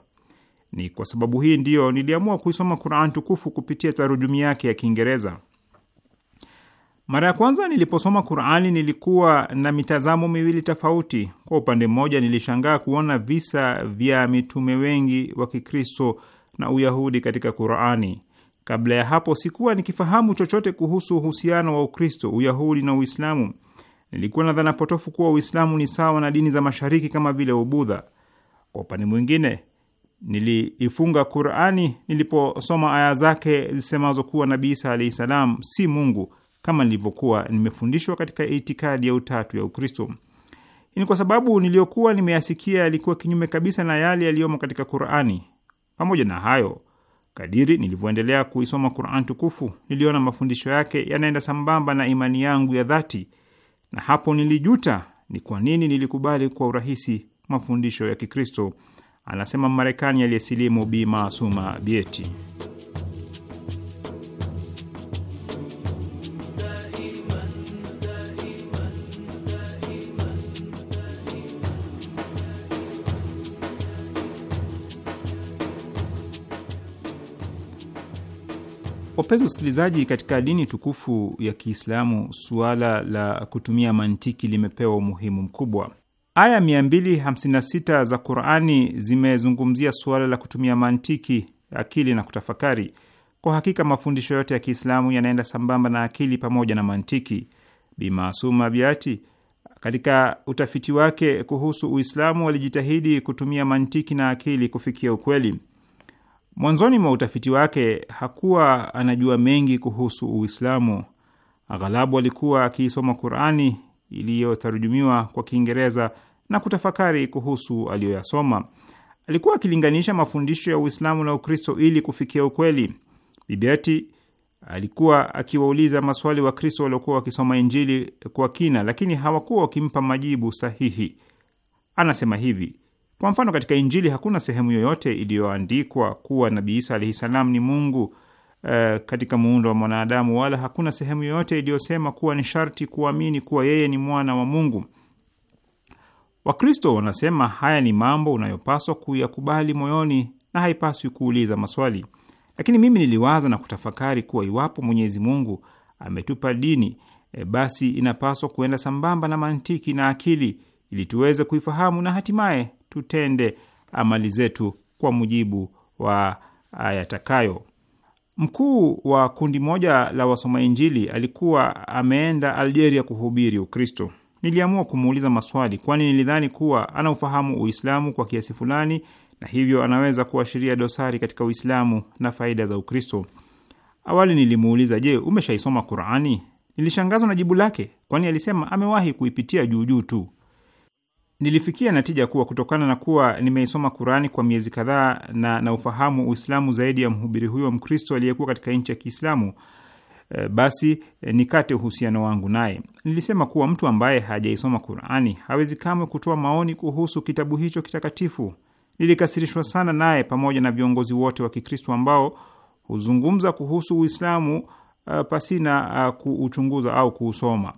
Ni kwa sababu hii ndiyo niliamua kuisoma Quran tukufu kupitia tarujumi yake ya Kiingereza. Mara ya kwanza niliposoma Qurani nilikuwa na mitazamo miwili tofauti. Kwa upande mmoja, nilishangaa kuona visa vya mitume wengi wa Kikristo na Uyahudi katika Qurani. Kabla ya hapo sikuwa nikifahamu chochote kuhusu uhusiano wa Ukristo, Uyahudi na Uislamu. Nilikuwa na dhana potofu kuwa Uislamu ni sawa na dini za mashariki kama vile Ubudha. Kwa upande mwingine, niliifunga Qurani niliposoma aya zake zisemazo kuwa Nabii Isa alahi salam si Mungu kama nilivyokuwa nimefundishwa katika itikadi ya utatu ya Ukristo. Ni kwa sababu niliyokuwa nimeyasikia yalikuwa kinyume kabisa na yale yaliyomo katika Qurani. Pamoja na hayo, kadiri nilivyoendelea kuisoma Quran tukufu, niliona mafundisho yake yanaenda sambamba na imani yangu ya dhati, na hapo nilijuta ni kwa nini nilikubali kwa urahisi mafundisho ya Kikristo, anasema marekani aliyesilimu Bi Maasuma Bieti. Wapenzi wasikilizaji, katika dini tukufu ya Kiislamu suala la kutumia mantiki limepewa umuhimu mkubwa. Aya 256 za Qurani zimezungumzia suala la kutumia mantiki, akili na kutafakari. Kwa hakika mafundisho yote ya Kiislamu yanaenda sambamba na akili pamoja na mantiki. Bimaasuma Biati katika utafiti wake kuhusu Uislamu alijitahidi kutumia mantiki na akili kufikia ukweli. Mwanzoni mwa utafiti wake hakuwa anajua mengi kuhusu Uislamu. Aghalabu alikuwa akiisoma Qurani iliyotarujumiwa kwa Kiingereza na kutafakari kuhusu aliyoyasoma. Alikuwa akilinganisha mafundisho ya Uislamu na Ukristo ili kufikia ukweli. Bibiati alikuwa akiwauliza maswali Wakristo waliokuwa wakisoma Injili kwa kina, lakini hawakuwa wakimpa majibu sahihi. Anasema hivi: kwa mfano, katika Injili hakuna sehemu yoyote iliyoandikwa kuwa Nabii Isa alaihi salam ni Mungu Uh, katika muundo wa mwanadamu wala hakuna sehemu yoyote iliyosema kuwa ni sharti kuamini kuwa yeye ni mwana wa Mungu. Wakristo wanasema haya ni mambo unayopaswa kuyakubali moyoni na haipaswi kuuliza maswali. Lakini mimi niliwaza na kutafakari kuwa iwapo Mwenyezi Mungu ametupa dini, e, basi inapaswa kuenda sambamba na mantiki na akili ili tuweze kuifahamu na hatimaye tutende amali zetu kwa mujibu wa ayatakayo. Mkuu wa kundi moja la wasoma Injili alikuwa ameenda Algeria kuhubiri Ukristo. Niliamua kumuuliza maswali, kwani nilidhani kuwa ana ufahamu Uislamu kwa kiasi fulani na hivyo anaweza kuashiria dosari katika Uislamu na faida za Ukristo. Awali nilimuuliza, je, umeshaisoma Qurani? Nilishangazwa na jibu lake, kwani alisema amewahi kuipitia juujuu tu. Nilifikia natija kuwa kutokana na kuwa nimeisoma Kurani kwa miezi kadhaa na na ufahamu Uislamu zaidi ya mhubiri huyo Mkristo aliyekuwa katika nchi ya Kiislamu, eh, basi eh, nikate uhusiano wangu naye. Nilisema kuwa mtu ambaye hajaisoma Qurani hawezi kamwe kutoa maoni kuhusu kitabu hicho kitakatifu. Nilikasirishwa sana naye pamoja na viongozi wote wa Kikristo ambao huzungumza kuhusu Uislamu uh, pasina uh, kuuchunguza au kuusoma.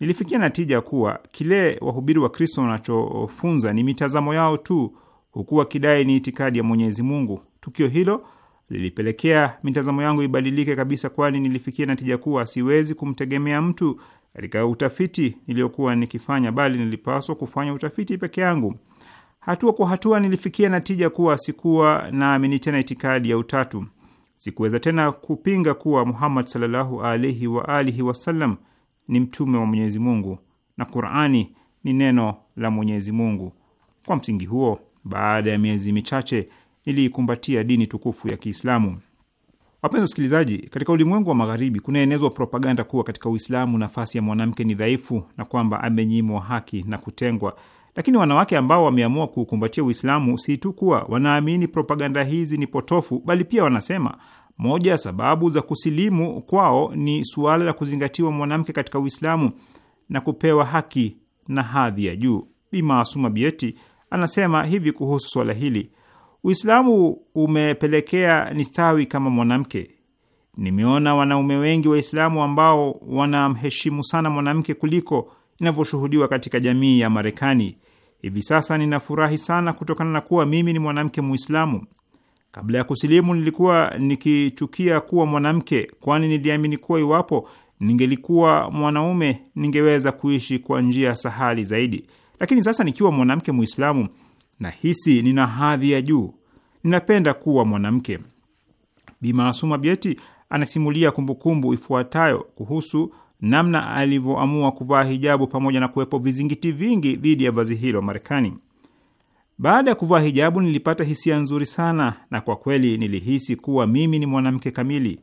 Nilifikia natija kuwa kile wahubiri wa Kristo wanachofunza ni mitazamo yao tu, huku wakidai ni itikadi ya Mwenyezi Mungu. Tukio hilo lilipelekea mitazamo yangu ibadilike kabisa, kwani nilifikia natija kuwa siwezi kumtegemea mtu katika utafiti niliyokuwa nikifanya, bali nilipaswa kufanya utafiti peke yangu. Hatua kwa hatua nilifikia natija kuwa sikuwa naamini tena itikadi ya utatu. Sikuweza tena kupinga kuwa Muhammad sallallahu alaihi wa alihi wasallam ni mtume wa Mwenyezi Mungu na Qur'ani ni neno la Mwenyezi Mungu. Kwa msingi huo, baada ya miezi michache niliikumbatia dini tukufu ya Kiislamu. Wapenzi wasikilizaji, katika ulimwengu wa magharibi kunaenezwa propaganda kuwa katika Uislamu nafasi ya mwanamke ni dhaifu na kwamba amenyimwa haki na kutengwa. Lakini wanawake ambao wameamua kuukumbatia Uislamu si tu kuwa wanaamini propaganda hizi ni potofu, bali pia wanasema moja ya sababu za kusilimu kwao ni suala la kuzingatiwa mwanamke katika Uislamu na kupewa haki na hadhi ya juu. Bi Maasuma Bieti anasema hivi kuhusu suala hili: Uislamu umepelekea ni stawi kama mwanamke. Nimeona wanaume wengi Waislamu ambao wanamheshimu sana mwanamke kuliko inavyoshuhudiwa katika jamii ya Marekani hivi sasa. Ninafurahi sana kutokana na kuwa mimi ni mwanamke Muislamu. Kabla ya kusilimu, nilikuwa nikichukia kuwa mwanamke, kwani niliamini kuwa iwapo ningelikuwa mwanaume ningeweza kuishi kwa njia sahali zaidi. Lakini sasa nikiwa mwanamke Muislamu nahisi nina hadhi ya juu, ninapenda kuwa mwanamke. Bi Maasuma Bieti anasimulia kumbukumbu ifuatayo kuhusu namna alivyoamua kuvaa hijabu pamoja na kuwepo vizingiti vingi dhidi ya vazi hilo Marekani. Baada ya kuvaa hijabu nilipata hisia nzuri sana, na kwa kweli nilihisi kuwa mimi ni mwanamke kamili.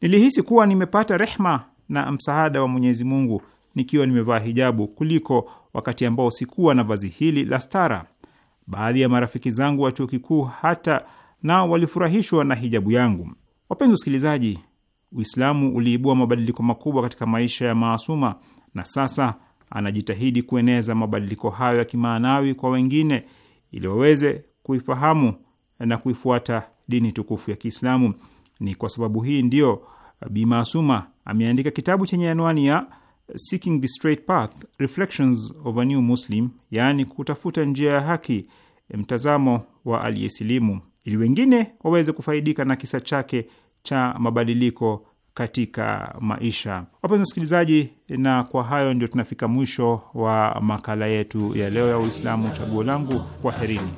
Nilihisi kuwa nimepata rehma na msaada wa Mwenyezi Mungu nikiwa nimevaa hijabu kuliko wakati ambao sikuwa na vazi hili la stara. Baadhi ya marafiki zangu wa chuo kikuu hata nao walifurahishwa na hijabu yangu. Wapenzi wasikilizaji, Uislamu uliibua mabadiliko makubwa katika maisha ya Maasuma, na sasa anajitahidi kueneza mabadiliko hayo ya kimaanawi kwa wengine ili waweze kuifahamu na kuifuata dini tukufu ya Kiislamu. Ni kwa sababu hii ndiyo uh, Bi Maasuma ameandika kitabu chenye anwani ya Seeking the Straight Path, Reflections of a New Muslim, yaani kutafuta njia ya haki, mtazamo wa aliyesilimu, ili wengine waweze kufaidika na kisa chake cha mabadiliko katika maisha. Wapenzi wasikilizaji, na kwa hayo ndio tunafika mwisho wa makala yetu ya leo ya Uislamu Chaguo Langu. Kwaherini.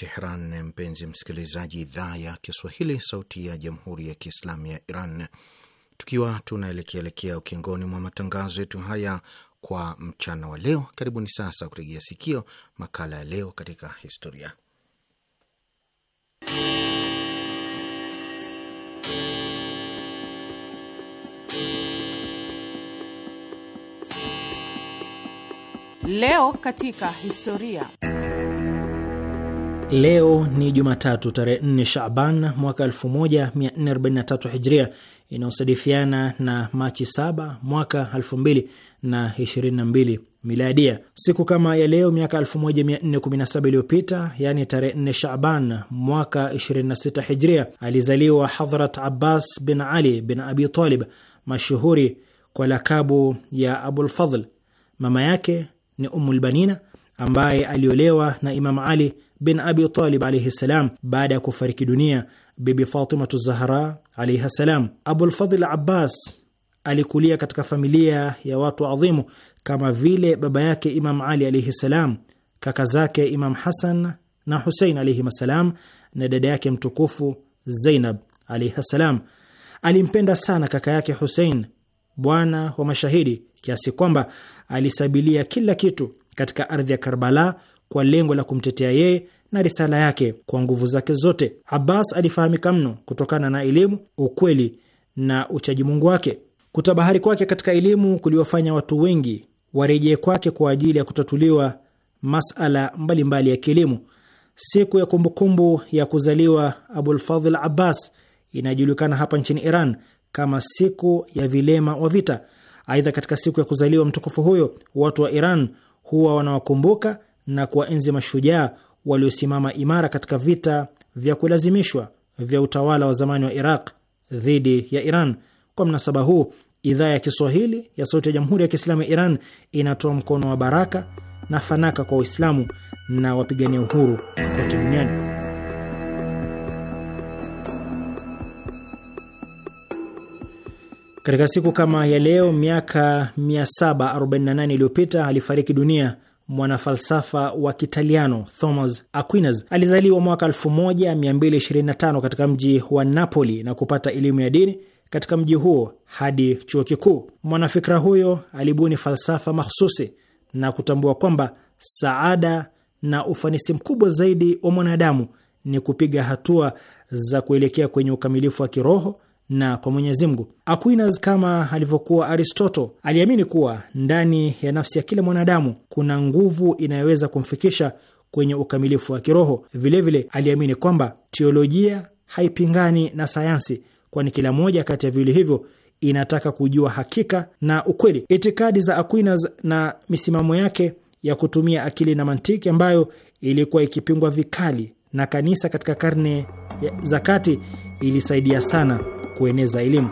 Tehran. Mpenzi msikilizaji, idhaa ya Kiswahili, sauti ya jamhuri ya kiislamu ya Iran, tukiwa tunaelekeaelekea ukingoni mwa matangazo yetu haya kwa mchana wa leo. Karibuni sasa kutegea sikio makala ya leo katika historia. Leo katika historia Leo ni Jumatatu tarehe 4 Shaban mwaka 1443 Hijria, inayosadifiana na Machi 7 mwaka 2022 Miladia. Siku kama ya leo miaka 1417 iliyopita, yani tarehe 4 Shaban mwaka 26 Hijria, alizaliwa Hadhrat Abbas bin Ali bin Abi Talib, mashuhuri kwa lakabu ya abulfadl Mama yake ni Ummulbanina ambaye aliolewa na Imam Ali bin Abi Talib alaihi ssalam baada ya kufariki dunia Bibi Fatimatu Zahra alaihi ssalam. Abulfadhl Abbas alikulia katika familia ya watu adhimu kama vile baba yake Imam Ali alaihi ssalam, kaka zake Imam Hasan na Husein alaihim assalam, na dada yake mtukufu Zainab alaihi ssalam. Alimpenda sana kaka yake Husein, bwana wa mashahidi, kiasi kwamba alisabilia kila kitu katika ardhi ya Karbala kwa lengo la kumtetea yeye na risala yake kwa nguvu zake zote. Abbas alifahamika mno kutokana na elimu, ukweli na uchaji Mungu wake. Kutabahari kwake katika elimu kuliwafanya watu wengi warejee kwake kwa ajili ya kutatuliwa masala mbalimbali mbali ya kielimu. Siku ya kumbukumbu kumbu ya kuzaliwa Abulfadhil Abbas inayojulikana hapa nchini Iran kama siku ya vilema wa vita. Aidha, katika siku ya kuzaliwa mtukufu huyo watu wa Iran huwa wanawakumbuka na kuwaenzi mashujaa waliosimama imara katika vita vya kulazimishwa vya utawala wa zamani wa Iraq dhidi ya Iran. Kwa mnasaba huu, idhaa ya Kiswahili ya Sauti ya Jamhuri ya Kiislamu ya Iran inatoa mkono wa baraka na fanaka kwa Waislamu na wapigania uhuru kote duniani. Katika siku kama ya leo miaka 748 iliyopita alifariki dunia mwanafalsafa wa Kitaliano Thomas Aquinas. Alizaliwa mwaka 1225 katika mji wa Napoli na kupata elimu ya dini katika mji huo hadi chuo kikuu. Mwanafikra huyo alibuni falsafa mahsusi na kutambua kwamba saada na ufanisi mkubwa zaidi wa mwanadamu ni kupiga hatua za kuelekea kwenye ukamilifu wa kiroho na kwa Mwenyezi Mungu. Aquinas, kama alivyokuwa Aristoto, aliamini kuwa ndani ya nafsi ya kila mwanadamu kuna nguvu inayoweza kumfikisha kwenye ukamilifu wa kiroho. Vilevile aliamini kwamba teolojia haipingani na sayansi, kwani kila moja kati ya viwili hivyo inataka kujua hakika na ukweli. Itikadi za Aquinas na misimamo yake ya kutumia akili na mantiki ambayo ilikuwa ikipingwa vikali na kanisa katika karne za kati ilisaidia sana kueneza elimu.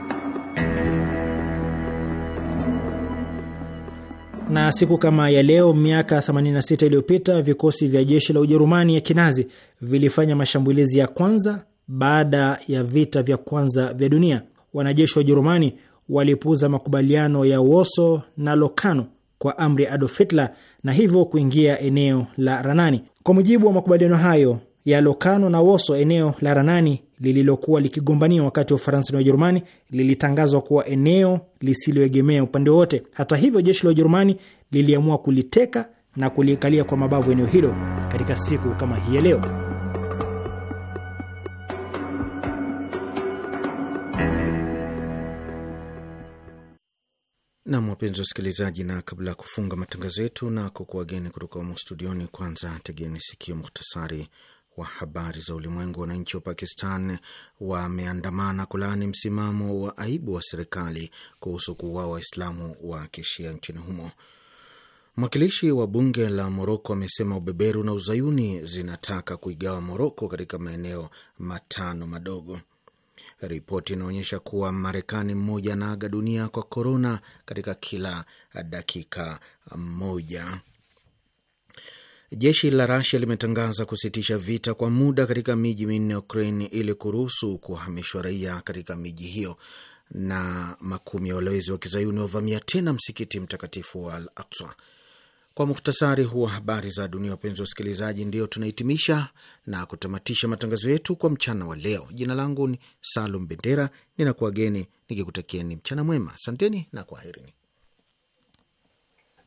Na siku kama ya leo miaka 86 iliyopita vikosi vya jeshi la Ujerumani ya Kinazi vilifanya mashambulizi ya kwanza baada ya vita vya kwanza vya dunia. Wanajeshi wa Ujerumani walipuuza makubaliano ya Woso na Lokano kwa amri ya Adolf Hitler na hivyo kuingia eneo la Ranani. Kwa mujibu wa makubaliano hayo ya Lokano na Woso, eneo la Ranani lililokuwa likigombania wakati wa Ufaransa na Ujerumani lilitangazwa kuwa eneo lisiloegemea upande wowote. Hata hivyo, jeshi la Ujerumani liliamua kuliteka na kulikalia kwa mabavu eneo hilo katika siku kama hii ya leo. Nam, wapenzi wasikilizaji, na kabla ya kufunga matangazo yetu na kukuwageni kutoka humo studioni, kwanza tegeni sikio muhtasari wa habari za ulimwengu, wananchi wa Pakistan wameandamana kulaani msimamo wa aibu wa serikali kuhusu kuuawa Waislamu wa kishia nchini humo. Mwakilishi wa bunge la Moroko amesema ubeberu na uzayuni zinataka kuigawa Moroko katika maeneo matano madogo. Ripoti inaonyesha kuwa Marekani mmoja anaaga dunia kwa korona katika kila dakika moja. Jeshi la Rasia limetangaza kusitisha vita kwa muda katika miji minne ya Ukraine ili kuruhusu kuhamishwa raia katika miji hiyo. Na makumi ya walowezi wa kizayuni wavamia tena msikiti mtakatifu wa Al Aksa. Kwa muhtasari wa habari za dunia, wapenzi wa usikilizaji ndio tunahitimisha na kutamatisha matangazo yetu kwa mchana wa leo. Jina langu ni Salum Bendera, ninakuwageni nikikutakieni mchana mwema. Asanteni na kwaherini.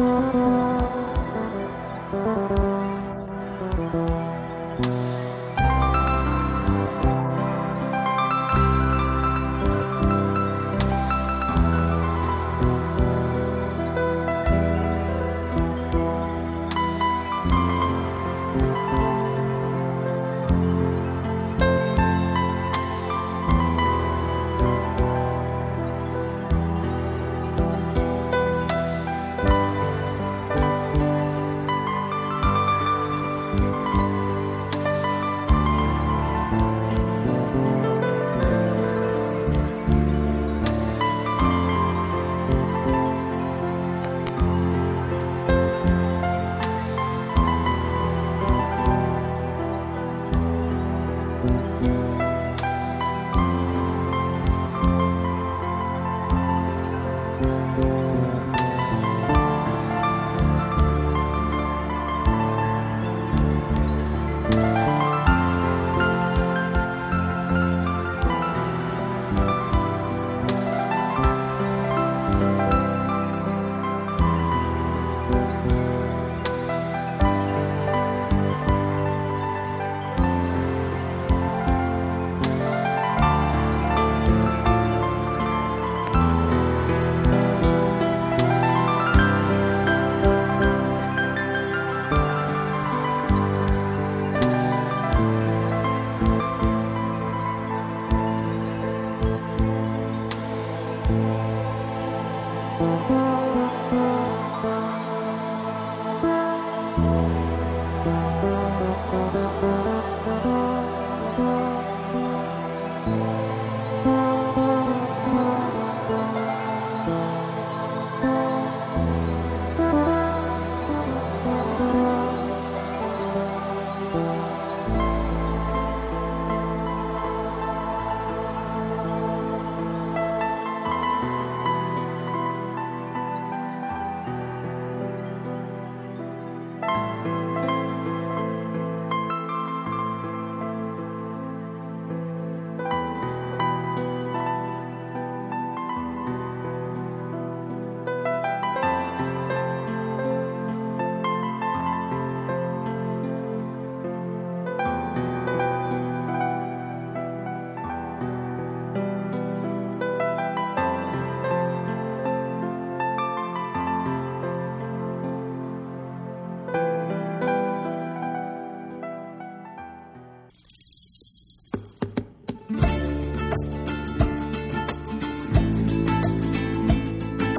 Música